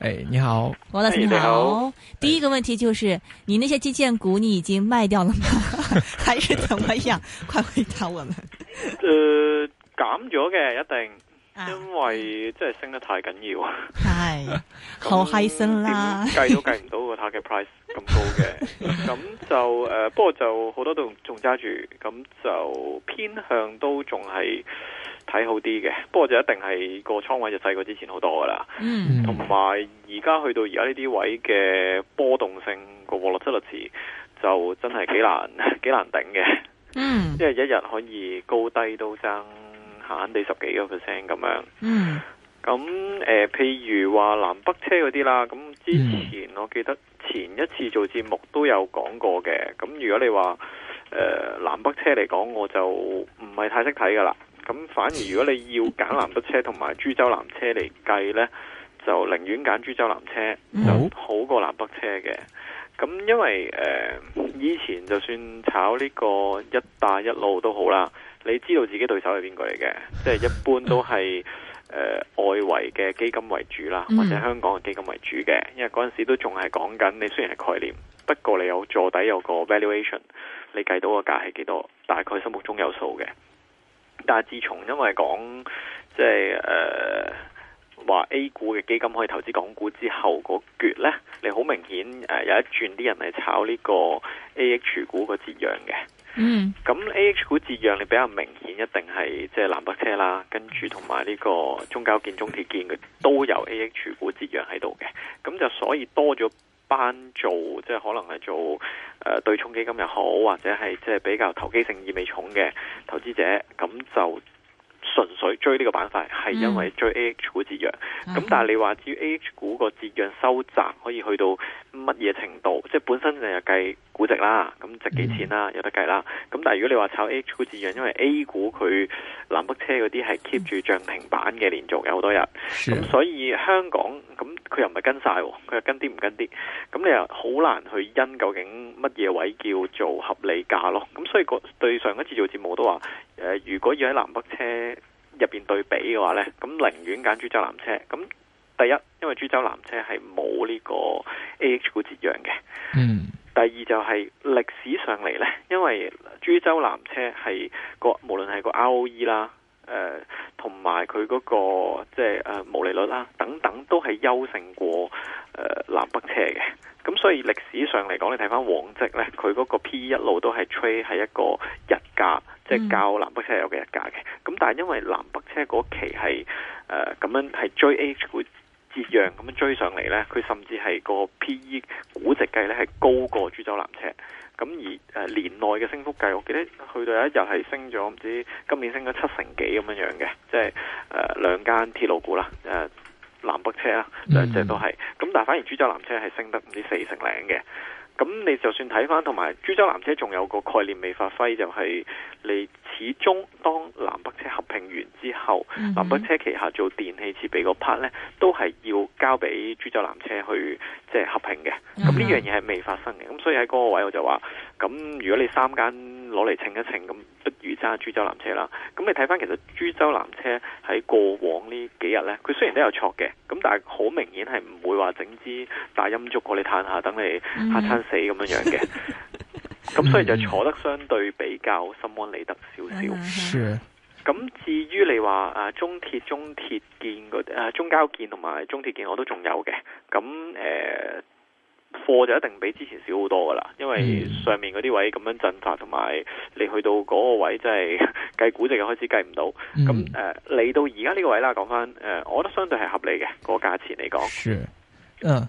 誒、hey，你好，王老師你好。第一個問題就是，hey. 你那些基建股你已經賣掉了嗎？ 還是怎麼樣？快回答我們。誒，減咗嘅一定，ah. 因為真係升得太緊要。係、ah. 好開心啦。計 都計唔到個 target price 咁高嘅，咁 就誒、呃，不過就好多都仲揸住，咁就偏向都仲係。睇好啲嘅，不過就一定係個倉位就細過之前好多噶啦。嗯，同埋而家去到而家呢啲位嘅波動性個獲利率律詞就真係幾難幾難頂嘅。嗯，因為一日可以高低都爭閒閒哋十幾個 percent 咁樣。嗯，咁誒、呃，譬如話南北車嗰啲啦，咁之前我記得前一次做節目都有講過嘅。咁如果你話誒、呃、南北車嚟講，我就唔係太識睇噶啦。咁反而如果你要揀南北車同埋株洲南車嚟計呢，就寧願揀株洲南車就好過南北車嘅。咁因為誒，以前就算炒呢個一帶一路都好啦，你知道自己對手係邊個嚟嘅，即係一般都係誒外圍嘅基金為主啦，或者香港嘅基金為主嘅。嗯。因為嗰陣時都仲係講緊，你雖然係概念，不過你有坐底有個 valuation，你計到個價係幾多，大概心目中有數嘅。但係自從因為講即係誒，話、就是呃、A 股嘅基金可以投資港股之後，嗰、那、橛、個、呢，你好明顯誒、呃、有一轉啲人係炒呢個 AH 股個折讓嘅。嗯，咁 AH 股折讓你比較明顯，一定係即係南北車啦，跟住同埋呢個中交建、中鐵建嘅都有 AH 股折讓喺度嘅，咁就所以多咗。班做即係可能係做誒、呃、對沖基金又好，或者係即係比較投機性意味重嘅投資者，咁就純粹追呢個板塊，係因為追 A 股折讓。咁、嗯、但係你話至於 A 股個折讓收窄可以去到乜嘢程度？嗯、即係本身就係計估值啦，咁值幾錢啦、啊，有得計啦。咁、嗯、但係如果你話炒 A 股折讓，因為 A 股佢南北車嗰啲係 keep 住漲停板嘅連續嘅好多日，咁、嗯、所以香港。佢又唔係跟晒，佢又跟啲唔跟啲，咁你又好難去因究竟乜嘢位叫做合理價咯？咁所以個對上一次做節目都話，呃，如果要喺南北車入面對比嘅話呢，咁寧願揀株洲南車。咁第一，因為株洲南車係冇呢個 AH 股折讓嘅。嗯。第二就係歷史上嚟呢，因為株洲南車係個無論係個 ROE 啦。誒同埋佢嗰個即係誒毛利率啦、啊，等等都係優勝過誒、呃、南北車嘅。咁所以歷史上嚟講，你睇返往績呢，佢嗰個 P 一路都係吹係一個溢價，即係較南北車有嘅溢價嘅。咁但係因為南北車嗰期係誒咁樣係追 AH 股。折讓咁樣追上嚟呢，佢甚至係個 PE 估值計呢係高過株洲南車。咁而誒年內嘅升幅計，我記得去到有一日係升咗唔知道今年升咗七成幾咁樣樣嘅，即係誒、呃、兩間鐵路股啦，誒、呃、南北車啊，兩隻都係。咁、嗯、但係反而株洲南車係升得唔知四成零嘅。咁你就算睇翻，同埋株洲南車仲有個概念未發揮，就係、是、你始終當南北車合併完之後，南北車旗下做電氣設備個 part 咧，都係要交俾株洲南車去即係、就是、合併嘅。咁呢樣嘢係未發生嘅。咁所以喺嗰個位我就話，咁如果你三間，攞嚟稱一稱咁，不如揸株洲南車啦。咁你睇翻其實株洲南車喺過往呢幾日呢，佢雖然都有坐嘅，咁但係好明顯係唔會話整支大陰燭過你，攤下，等你嚇親死咁樣樣嘅。咁所以就坐得相對比較心安理得少少。咁、mm -hmm. 至於你話啊，中鐵、中鐵建啲啊，中交建同埋中鐵建我都仲有嘅。咁誒。啊貨就一定比之前少好多噶啦，因為上面嗰啲位咁樣振幅，同埋你去到嗰個位，真係計估值又開始計唔到。咁誒嚟到而家呢個位啦，講翻誒，我覺得相對係合理嘅，那個價錢嚟講。嗯、sure. uh.。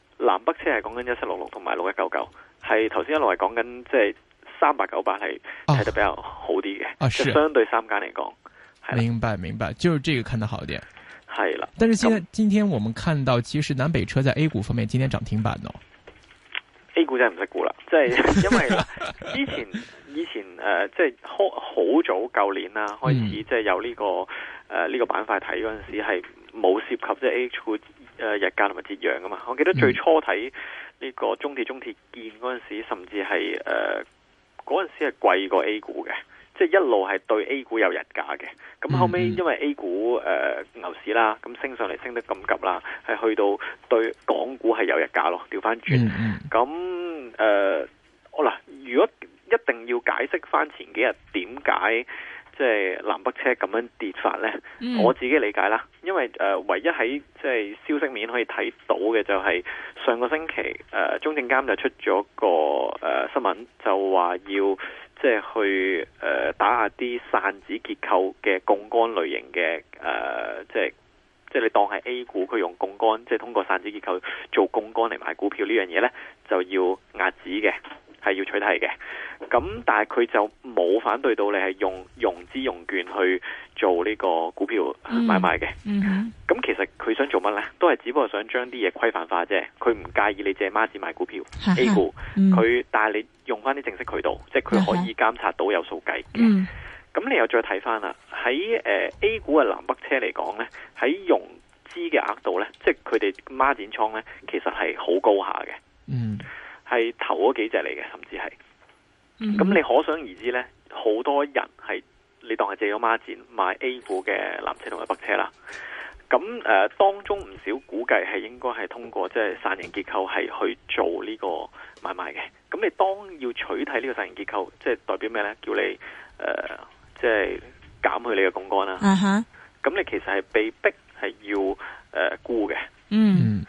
南北車係講緊一七六六同埋六一九九，係頭先一路係講緊，即係三八九八係睇得比較好啲嘅，即、啊、相對三間嚟講。明白明白，就是這個看得好啲。係啦，但是現在、嗯、今今，天我們看到其實南北車在 A 股方面，今天漲停板哦。A 股真係唔識估啦，即、就、係、是、因為之前以前誒，即係好好早舊年啦，開始即係有呢、這個誒呢、嗯呃這個板塊睇嗰陣時係冇涉及即係 A 股。誒日價同埋折讓啊嘛，我記得最初睇呢個中鐵中鐵建嗰陣時，甚至係誒嗰陣時係貴過 A 股嘅，即係一路係對 A 股有日價嘅。咁後尾因為 A 股誒、呃、牛市啦，咁升上嚟升得咁急啦，係去到對港股係有日價咯，調翻轉。咁、嗯、誒、嗯，好、呃、啦，如果一定要解釋翻前幾日點解？即係南北車咁樣跌法呢、嗯，我自己理解啦。因為誒、呃，唯一喺即係消息面可以睇到嘅就係上個星期誒、呃，中證監就出咗個誒、呃、新聞，就話要即係去誒、呃、打壓啲散子結構嘅槓桿類型嘅誒、呃，即係即係你當係 A 股佢用槓桿，即係通過散子結構做槓桿嚟買股票呢樣嘢呢，就要壓止嘅。係要取締嘅，咁但係佢就冇反對到你係用融資融券去做呢個股票買賣嘅。咁、嗯嗯、其實佢想做乜呢？都係只不過想將啲嘢規範化啫。佢唔介意你借孖展買股票是是 A 股，佢、嗯、但係你用翻啲正式渠道，是是即係佢可以監察到有數計嘅。咁、嗯、你又再睇翻啦，喺誒 A 股嘅南北車嚟講呢，喺融資嘅額度呢，即係佢哋孖展倉呢，其實係好高下嘅。嗯。係頭嗰幾隻嚟嘅，甚至係，咁，你可想而知呢，好多人係你當係借咗孖展買 A 股嘅南車同埋北車啦。咁，誒、呃，當中唔少估計係應該係通過即係、就是、散型結構係去做呢個買賣嘅。咁你當要取締呢個散型結構，即、就、係、是、代表咩呢？叫你誒，即係減去你嘅槓桿啦。咁、uh -huh. 你其實係被逼係要誒、呃、沽嘅。嗯。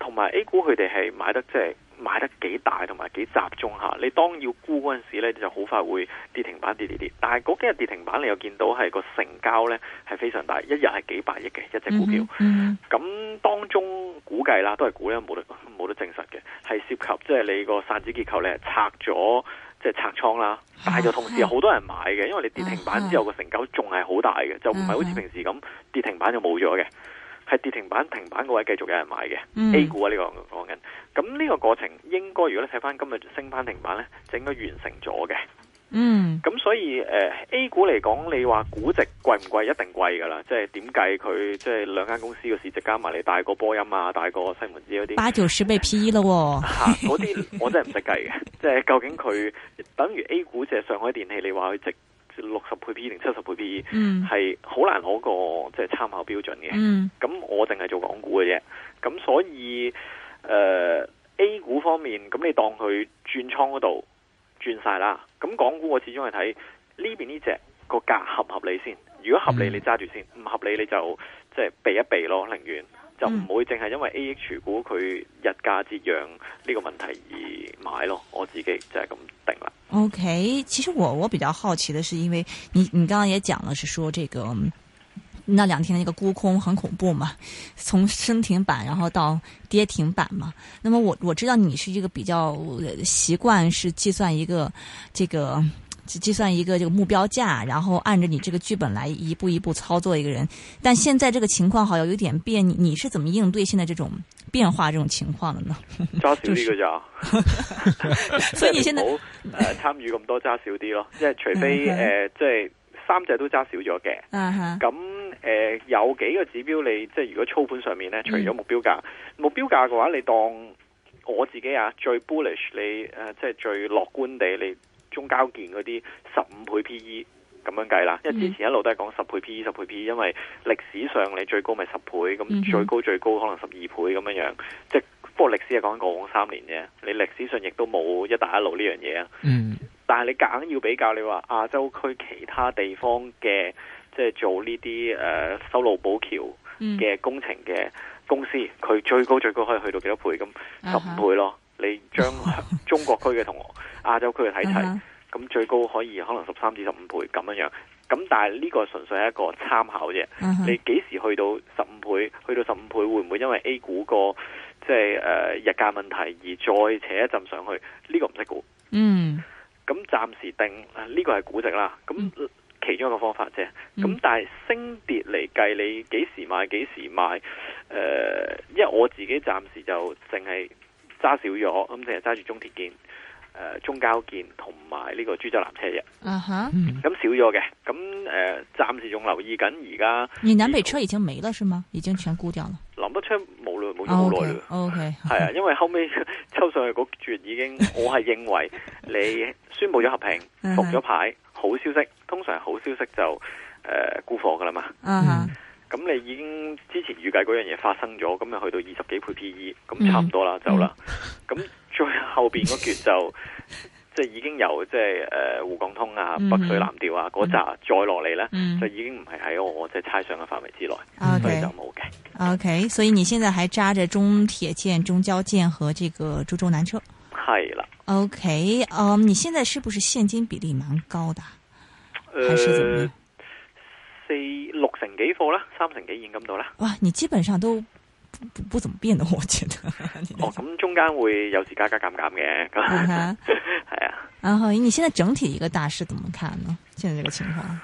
同埋 A 股佢哋係買得即係。就是買得幾大同埋幾集中嚇，你當要沽嗰陣時咧，就好快會跌停板跌跌跌。但係嗰幾日跌停板，你又見到係、個成交咧係非常大，一日係幾百億嘅一隻股票。咁、mm -hmm. 當中估計啦，都係估啦，冇得冇得證實嘅，係涉及即係、就是、你個散子結構咧拆咗，即、就、係、是、拆倉啦。但係就同時有好多人買嘅，因為你跌停板之後個、mm -hmm. 成交仲係好大嘅，就唔係好似平時咁跌停板就冇咗嘅。係跌停板、停板嗰位繼續有人買嘅、嗯、A 股啊！呢、呢個講緊，咁呢個過程應該如果你睇翻今日升翻停板咧，就應該完成咗嘅。嗯，咁所以誒、呃、A 股嚟講，你話估值貴唔貴？一定貴噶啦！即係點計佢？即係兩間公司嘅市值加埋嚟大過波音啊，大過西門子嗰啲，八九十倍 P E 咯、哦。吓、啊，嗰啲我真係唔識計嘅。 即係究竟佢等於 A 股即係上海電器說？你話佢值？六十倍 PE 定七十倍 PE，係、嗯、好難攞個即係參考標準嘅。咁、嗯、我淨係做港股嘅啫，咁所以誒、呃、A 股方面，咁你當佢轉倉嗰度轉晒啦。咁港股我始終係睇呢邊呢隻個價合唔合理先。如果合理，你揸住先；唔、嗯、合理，你就即係、就是、避一避咯，寧願。就唔會淨係因為 A H 股佢日價折讓呢個問題而買咯，我自己就係咁定啦。OK，其實我我比較好奇的是，因為你你剛剛也講了，是說這個那兩天的一個沽空很恐怖嘛，從升停板然後到跌停板嘛。那麼我我知道你是一個比較習慣是計算一個這個。計算一個這個目標價，然後按着你這個劇本來一步一步操作一個人。但現在這個情況好像有點變，你是怎麼應對現在這種變化這種情況的呢？揸少啲嘅咋？ 所以你現在 唔好參與咁多，揸少啲咯。即係除非誒，即 係、呃就是、三隻都揸少咗嘅。嗯、uh、哼 -huh.。咁、呃、誒有幾個指標，你即係如果操盤上面咧，除咗目標價，嗯、目標價嘅話，你當我自己啊最 bullish，你誒即係最樂觀地你。中交建嗰啲十五倍 PE 咁樣計啦，因為之前一路都係講十倍 PE、十倍 PE，因為歷史上你最高咪十倍，咁最高最高可能十二倍咁樣樣，即、嗯、係、就是、不過歷史係講過往三年啫，你歷史上亦都冇一帶一路呢樣嘢啊。嗯，但係你夾硬要比較，你話亞洲區其他地方嘅即係做呢啲誒修路、補橋嘅工程嘅公司，佢、嗯、最高最高可以去到幾多倍？咁十五倍咯。啊你將中國區嘅同學、亞 洲區嘅睇睇，咁、uh -huh. 最高可以可能十三至十五倍咁樣樣。咁但係呢個純粹係一個參考啫。Uh -huh. 你幾時去到十五倍？去到十五倍會唔會因為 A 股個即係誒日價問題而再扯一陣上去？呢、這個唔識估。嗯。咁暫時定呢、啊這個係估值啦。咁、uh -huh. 其中一個方法啫。咁但係升跌嚟計，你幾時買？幾時買？誒、呃，因為我自己暫時就淨係。揸少咗，咁即係揸住中鐵建、誒、呃、中交建同埋呢個株洲南車嘅。啊、uh、哈 -huh. 嗯，咁少咗嘅，咁誒、呃、暫時仲留意緊而家。你南北車已經沒了是嗎？已經全沽掉了。南北車冇耐冇咗好耐咯。O K，係啊，因為後尾、okay. 抽上去嗰絕已經，我係認為你宣佈咗合併，復 咗牌，好消息，通常好消息就誒沽、呃、貨噶啦嘛。啊、uh -huh. 咁你已經之前預計嗰樣嘢發生咗，咁又去到二十幾倍 P E，咁差唔多啦，走、嗯、啦。咁 最後邊個決就即係已經有即係誒滬港通啊、嗯、北水南調啊嗰扎、嗯嗯、再落嚟咧，就已經唔係喺我即係猜想嘅範圍之內，嗯、所以就冇嘅。OK，、嗯、所以你現在還揸着中鐵建、中交建和這個株洲南車。係啦。OK，哦、um, 你現在是不是現金比例蠻高的還是怎麼樣？呃四六成幾貨啦，三成幾現金咁多啦。哇，你基本上都不，不，不怎麼變咯，我覺得。哦，咁中間會有時加加減減嘅，係 Okay. 啊。然後你現在整體一個大勢怎麼看呢？現在這個情況，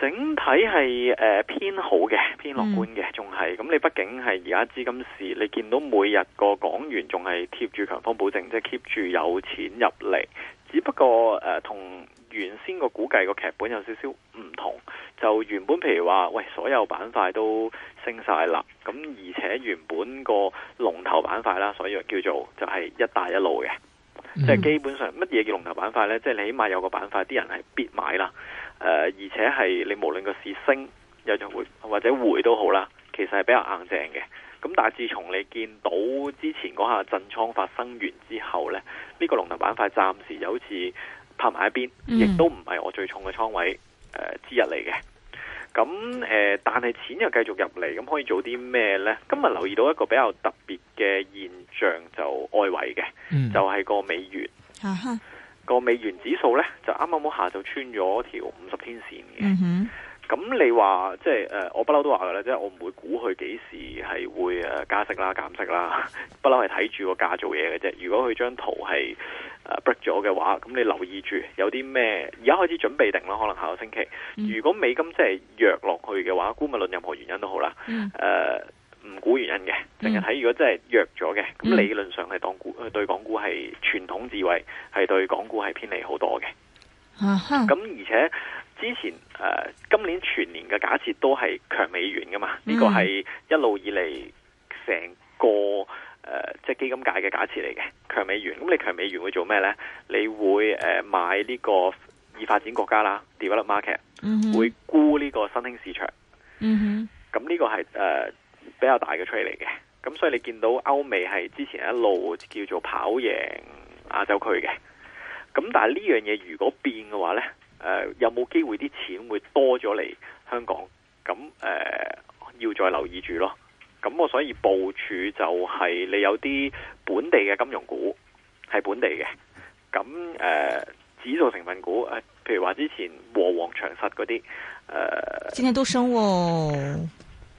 整體係誒、呃、偏好嘅，偏樂觀嘅，仲係。咁、嗯、你畢竟係而家資金市，你見到每日個港元仲係貼住強方保證，即係 keep 住有錢入嚟。只不過誒、呃、同。原先個估計個劇本有少少唔同，就原本譬如話，喂，所有板塊都升晒啦，咁而且原本個龍頭板塊啦，所以話叫做就係一帶一路嘅，mm -hmm. 即係基本上乜嘢叫龍頭板塊呢？即係你起碼有個板塊啲人係必買啦，呃，而且係你無論個市升又或者回都好啦，其實係比較硬淨嘅。咁但係自從你見到之前嗰下震倉發生完之後呢，呢、呢個龍頭板塊暫時又好似。拍埋一邊，亦都唔係我最重嘅倉位、呃、之一嚟嘅。咁誒、呃，但係錢又繼續入嚟，咁可以做啲咩呢？今日留意到一個比較特別嘅現象就、嗯，就外圍嘅，就係個美元、啊。個美元指數呢，就啱啱好下晝穿咗條五十天綫嘅。嗯咁你話即係誒、呃，我不嬲都話噶啦，即係我唔會估佢幾時係會誒加息啦、減息啦，不嬲係睇住個價做嘢嘅啫。如果佢張圖係、呃、break 咗嘅話，咁你留意住有啲咩而家開始準備定啦，可能下個星期。嗯、如果美金即係弱落去嘅話，估唔論任何原因都好啦，誒唔估原因嘅，淨係睇如果真係弱咗嘅，咁、嗯、理論上係當股對港股係傳統智慧係對港股係偏離好多嘅。咁、uh -huh. 而且之前誒、呃，今年全年嘅假設都係強美元噶嘛？呢、mm -hmm. 這個係一路以嚟成個誒、呃，即係基金界嘅假設嚟嘅，強美元。咁你強美元會做咩呢？你會誒、呃、買呢個已發展國家啦，develop market，、mm -hmm. 會沽呢個新興市場。Mm -hmm. 嗯咁呢、這個係誒、呃、比較大嘅 trade 嚟嘅。咁所以你見到歐美係之前一路叫做跑贏亞洲區嘅。咁但係呢樣嘢如果變嘅話呢，誒、呃、有冇機會啲錢會多咗嚟香港？咁誒、呃、要再留意住咯。咁我所以部署就係你有啲本地嘅金融股係本地嘅，咁誒、呃、指數成分股、呃、譬如話之前和黃長實嗰啲誒。今天都升喎、哦。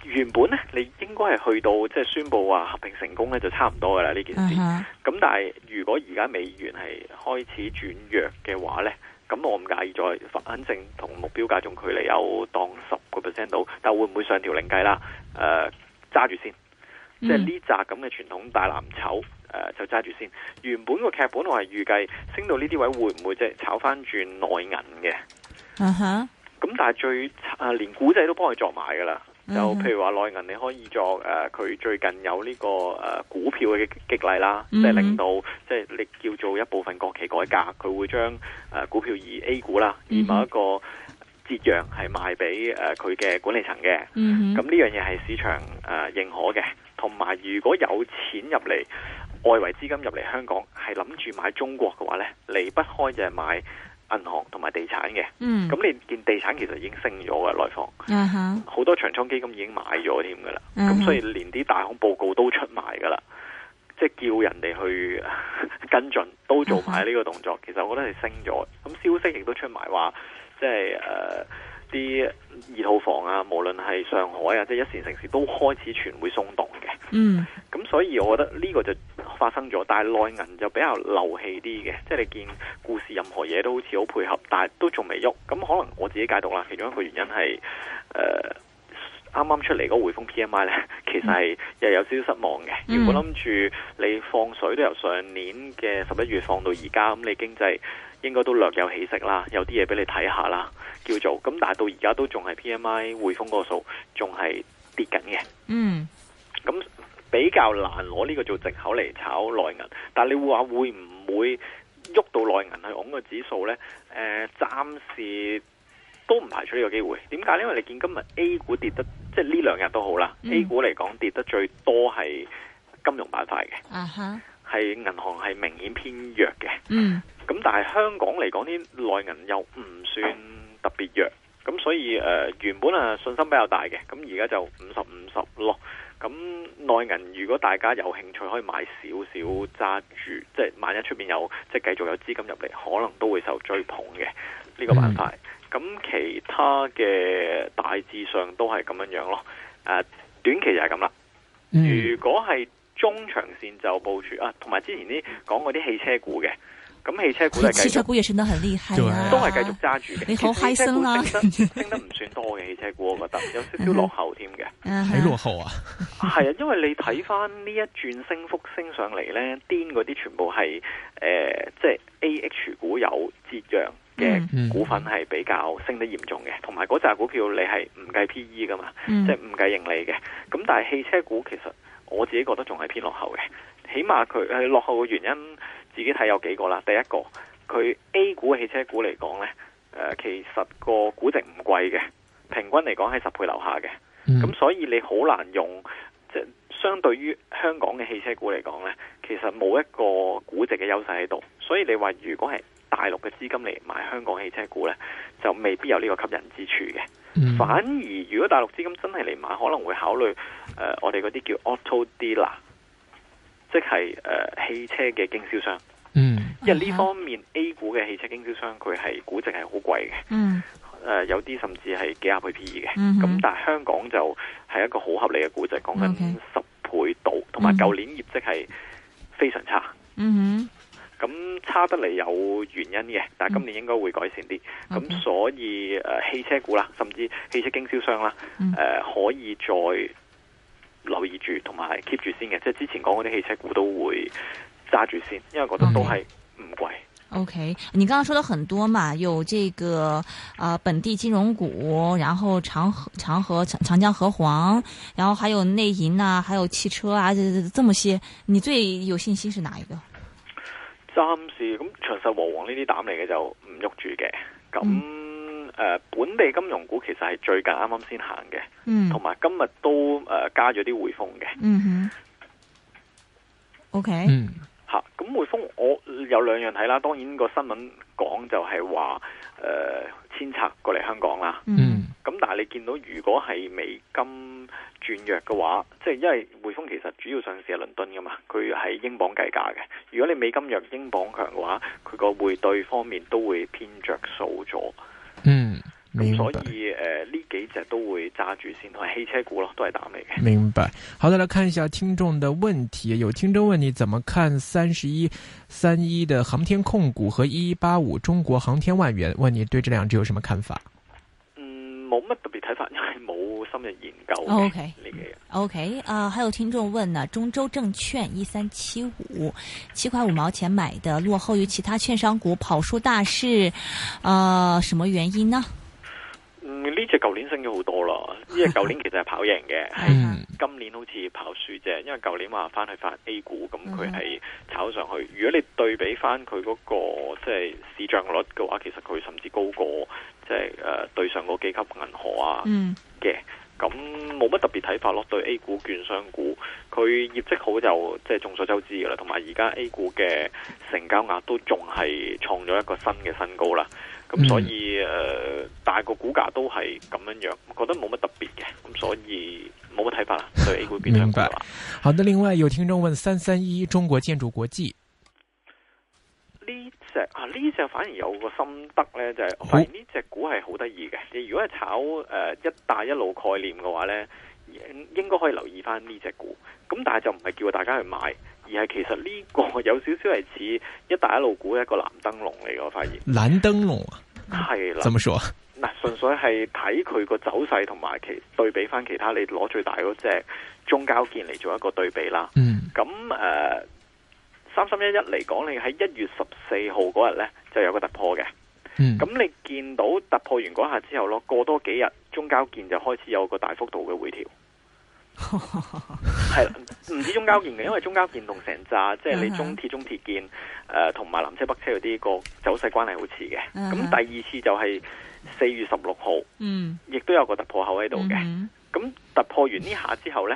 原本咧，你應該係去到即係宣布話合併成功咧，就差唔多噶啦呢件事。咁、uh -huh. 但係如果而家美元係開始轉弱嘅話咧，咁我唔介意再反正同目標價仲距離有當十個 percent 到，但會唔會上調另計啦？誒、呃，揸住先，uh -huh. 即係呢扎咁嘅傳統大藍籌誒、呃，就揸住先。原本個劇本我係預計升到呢啲位，會唔會即係炒翻轉內銀嘅？嗯、uh、咁 -huh. 但係最誒、啊、連股仔都幫佢做埋噶啦。就譬如話內銀，你可以作誒，佢、啊、最近有呢、這個誒、啊、股票嘅激勵啦，mm-hmm. 即係令到即係、就是、你叫做一部分國企改革，佢會將誒、啊、股票以 A 股啦，以、mm-hmm. 某一個折讓係賣俾誒佢嘅管理層嘅。咁、mm-hmm、呢樣嘢係市場誒、啊、認可嘅。同埋，如果有錢入嚟，外圍資金入嚟香港係諗住買中國嘅話呢，離不開就係買。銀行同埋地產嘅，咁你見地產其實已經升咗嘅，內房，好、嗯、多長倉基金已經買咗添噶啦。咁、嗯、所以連啲大行報告都出埋噶啦，即、就、係、是、叫人哋去 跟進，都做埋呢個動作、嗯。其實我覺得係升咗，咁消息亦都出埋話，即係誒啲二套房啊，無論係上海啊，即、就、係、是、一線城市都開始全會鬆動嘅。嗯，咁所以我覺得呢個就。發生咗，但係內銀就比較流氣啲嘅，即、就、係、是、你見股市任何嘢都好似好配合，但係都仲未喐。咁可能我自己解讀啦，其中一個原因係誒，啱、呃、啱出嚟嗰匯豐 P M I 呢，其實係、嗯、又有少少失望嘅。如果諗住你放水都由上年嘅十一月放到而家，咁、嗯、你經濟應該都略有起色啦，有啲嘢俾你睇下啦，叫做咁。但係到而家都仲係 P M I 匯豐嗰個數仲係跌緊嘅。嗯，咁。比較難攞呢個做藉口嚟炒內銀，但係你說會話會唔會喐到內銀去拱個指數呢？誒、呃，暫時都唔排除呢個機會。點解？因為你見今日 A 股跌得，即係呢兩日都好啦、嗯。A 股嚟講跌得最多係金融板塊嘅，啊哈係銀行係明顯偏弱嘅。嗯，咁但係香港嚟講啲內銀又唔算特別弱，咁、哦、所以誒、呃、原本啊信心比較大嘅，咁而家就五十五十咯。咁內銀如果大家有興趣可以買少少揸住，即係萬一出邊有即係繼續有資金入嚟，可能都會受追捧嘅呢、這個板塊。咁、嗯、其他嘅大致上都係咁樣樣咯。誒，短期就係咁啦。如果係中長線就部署、嗯、啊，同埋之前啲講嗰啲汽車股嘅。咁汽車股係繼續，都繼續，汽車股亦算得好厲害都係繼續揸住嘅。你好開心啦！升得唔算多嘅汽車股，我覺得有少少落後添嘅。係落後啊！係啊，因為你睇返呢一轉升幅升上嚟咧，癲嗰啲全部係即係 A H 股有折讓嘅股份係比較升得嚴重嘅。同埋嗰扎股票你係唔計 P E 㗎嘛？即係唔計盈利嘅。咁但係汽車股其實我自己覺得仲係偏落後嘅。起碼佢落後嘅原因。自己睇有幾個啦，第一個佢 A 股嘅汽車股嚟講呢，其實個估值唔貴嘅，平均嚟講喺十倍樓下嘅，咁、嗯、所以你好難用，即相對於香港嘅汽車股嚟講呢，其實冇一個估值嘅優勢喺度，所以你話如果係大陸嘅資金嚟買香港汽車股呢，就未必有呢個吸引之處嘅、嗯，反而如果大陸資金真係嚟買，可能會考慮、呃、我哋嗰啲叫 auto dealer。即係誒、呃，汽車嘅經銷商，嗯，因為呢方面 A 股嘅汽車經銷商佢係估值係好貴嘅，嗯，誒、呃，有啲甚至係幾廿倍 P E 嘅，咁、嗯、但係香港就係一個好合理嘅估值，講緊十倍度，同埋舊年業績係非常差，嗯，咁差得嚟，有原因嘅，但係今年應該會改善啲，咁、嗯、所以誒、呃、汽車股啦，甚至汽車經銷商啦，誒、嗯呃、可以再。留意住，同埋 keep 住先嘅，即係之前講嗰啲汽車股都會揸住先，因為覺得都係唔貴。OK，okay。你剛剛說得很多嘛，有這個啊、呃、本地金融股，然後長和、長和、長江、和黃，然後還有內銀啊，還有汽車啊，這麼些，你最有信心是哪一個？暫時咁，長實、和黃呢啲膽嚟嘅就唔喐住嘅，咁。嗯呃、本地金融股其實係最近啱啱先行嘅，同、嗯、埋今日都誒、呃、加咗啲匯豐嘅，嗯哼，O K，吓，咁匯豐我有兩樣睇啦，當然個新聞講就係話誒，遷冊過嚟香港啦，嗯，咁、嗯、但係你見到如果係美金轉弱嘅話，即、就、係、是、因為匯豐其實主要上市係倫敦噶嘛，佢係英鎊計價嘅，如果你美金弱英鎊強嘅話，佢個匯兌方面都會偏着數咗。所以誒呢、呃、幾隻都會揸住先，同埋汽車股咯，都係打尾嘅。明白，好的，再來看一下聽眾的問題。有聽眾問你，怎麼看三十一三一的航天控股和一一八五中國航天萬源？問你對這兩隻有什麼看法？嗯，冇乜特別睇法，因為冇深入研究 o、oh, 呢 OK，啊，okay. Uh, 還有聽眾問呢，中州證券一三七五七塊五毛錢買的，落後於其他券商股跑輸大市，啊、uh,，什麼原因呢？呢隻舊年升咗好多啦，呢隻舊年其實係跑贏嘅，係 今年好似跑輸啫。因為舊年話翻去翻 A 股，咁佢係炒上去。 如果你對比翻佢嗰個即係、就是、市賬率嘅話，其實佢甚至高過即係誒對上嗰幾級銀行啊嘅。咁冇乜特別睇法咯。對 A 股券商股，佢業績好就即係、就是、眾所周知噶啦。同埋而家 A 股嘅成交額都仲係創咗一個新嘅新高啦。嗯、所以誒，大、呃、個股價都係咁樣樣，覺得冇乜特別嘅，咁所以冇乜睇法啊。對 A 股市場明白。好的，咁另外有聽眾問三三一中國建築國際呢隻啊，呢隻反而有個心得咧，就係，呢隻股係好得意嘅。你如果係炒誒、呃、一帶一路概念嘅話咧，應該可以留意翻呢隻股。咁但係就唔係叫大家去買，而係其實呢個有少少係似一帶一路股一個藍燈籠嚟嘅，我發現。藍燈籠啊！係啦，咁樣說嗱，純粹係睇佢個走勢，同埋其對比翻其他，你攞最大嗰隻中交建嚟做一個對比啦。嗯，咁誒，三三一一嚟講，你喺一月十四號嗰日那天呢就有個突破嘅。咁、嗯、你見到突破完嗰下之後，咯過多幾日，中交建就開始有個大幅度嘅回調。係 啦，唔止中交建嘅，因為中交建同成扎，即、就、係、是、你中鐵、中鐵建誒、同、呃、埋南車、北車嗰啲個走勢關係好似嘅。咁 第二次就係四月十六號，嗯， 亦都有個突破口喺度嘅。咁 突破完呢下之後呢，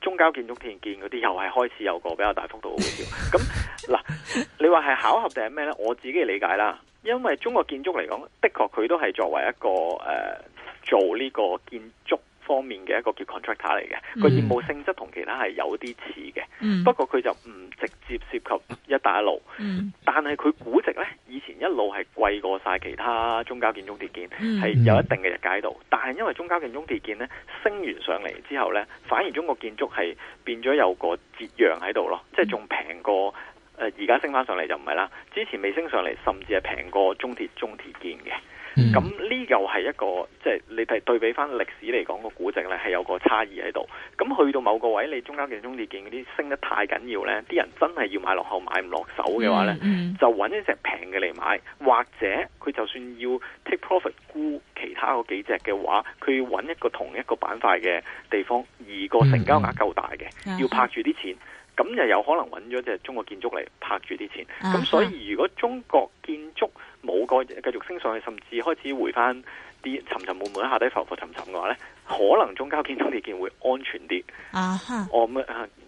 中交建築、中鐵建嗰啲又係開始有個比較大幅度嘅回調。咁 嗱，你話係巧合定係咩呢？我自己理解啦，因為中國建築嚟講，的確佢都係作為一個誒、呃、做呢個建築。方面嘅一個叫 contractor 嚟嘅，個、嗯、業務性質同其他係有啲似嘅，不過佢就唔直接涉及一帶一路。嗯、但係佢估值咧，以前一路係貴過晒其他中交建、中鐵建，係、嗯、有一定嘅溢價喺度。但係因為中交建、中鐵建咧升完上嚟之後咧，反而中國建築係變咗有個折讓喺度咯，即係仲平過誒，而家升翻上嚟就唔係啦。之前未升上嚟，甚至係平過中鐵中鐵建嘅。咁呢又係一個即係、就是、你睇對比翻歷史嚟講個估值呢，係有個差異喺度。咁去到某個位，你中間嘅中你見嗰啲升得太緊要呢，啲人真係要買落後買唔落手嘅話呢，嗯嗯、就揾一隻平嘅嚟買，或者佢就算要 take profit 沽其他嗰幾隻嘅話，佢要揾一個同一個板塊嘅地方，而個成交額夠大嘅、嗯嗯，要拍住啲錢。咁就有可能揾咗隻中國建築嚟拍住啲錢，咁、uh -huh. 所以如果中國建築冇個繼續升上去，甚至開始回翻啲沉沉悶悶下底浮浮沉沉嘅話呢，可能中交建、中地建會安全啲。啊我咁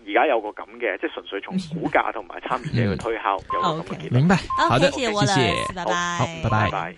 而家有個咁嘅，即係純粹從股價同埋參與者去推敲，有個咁嘅結論。Mm -hmm. okay. 明白，好的，謝謝我好，拜拜，拜拜。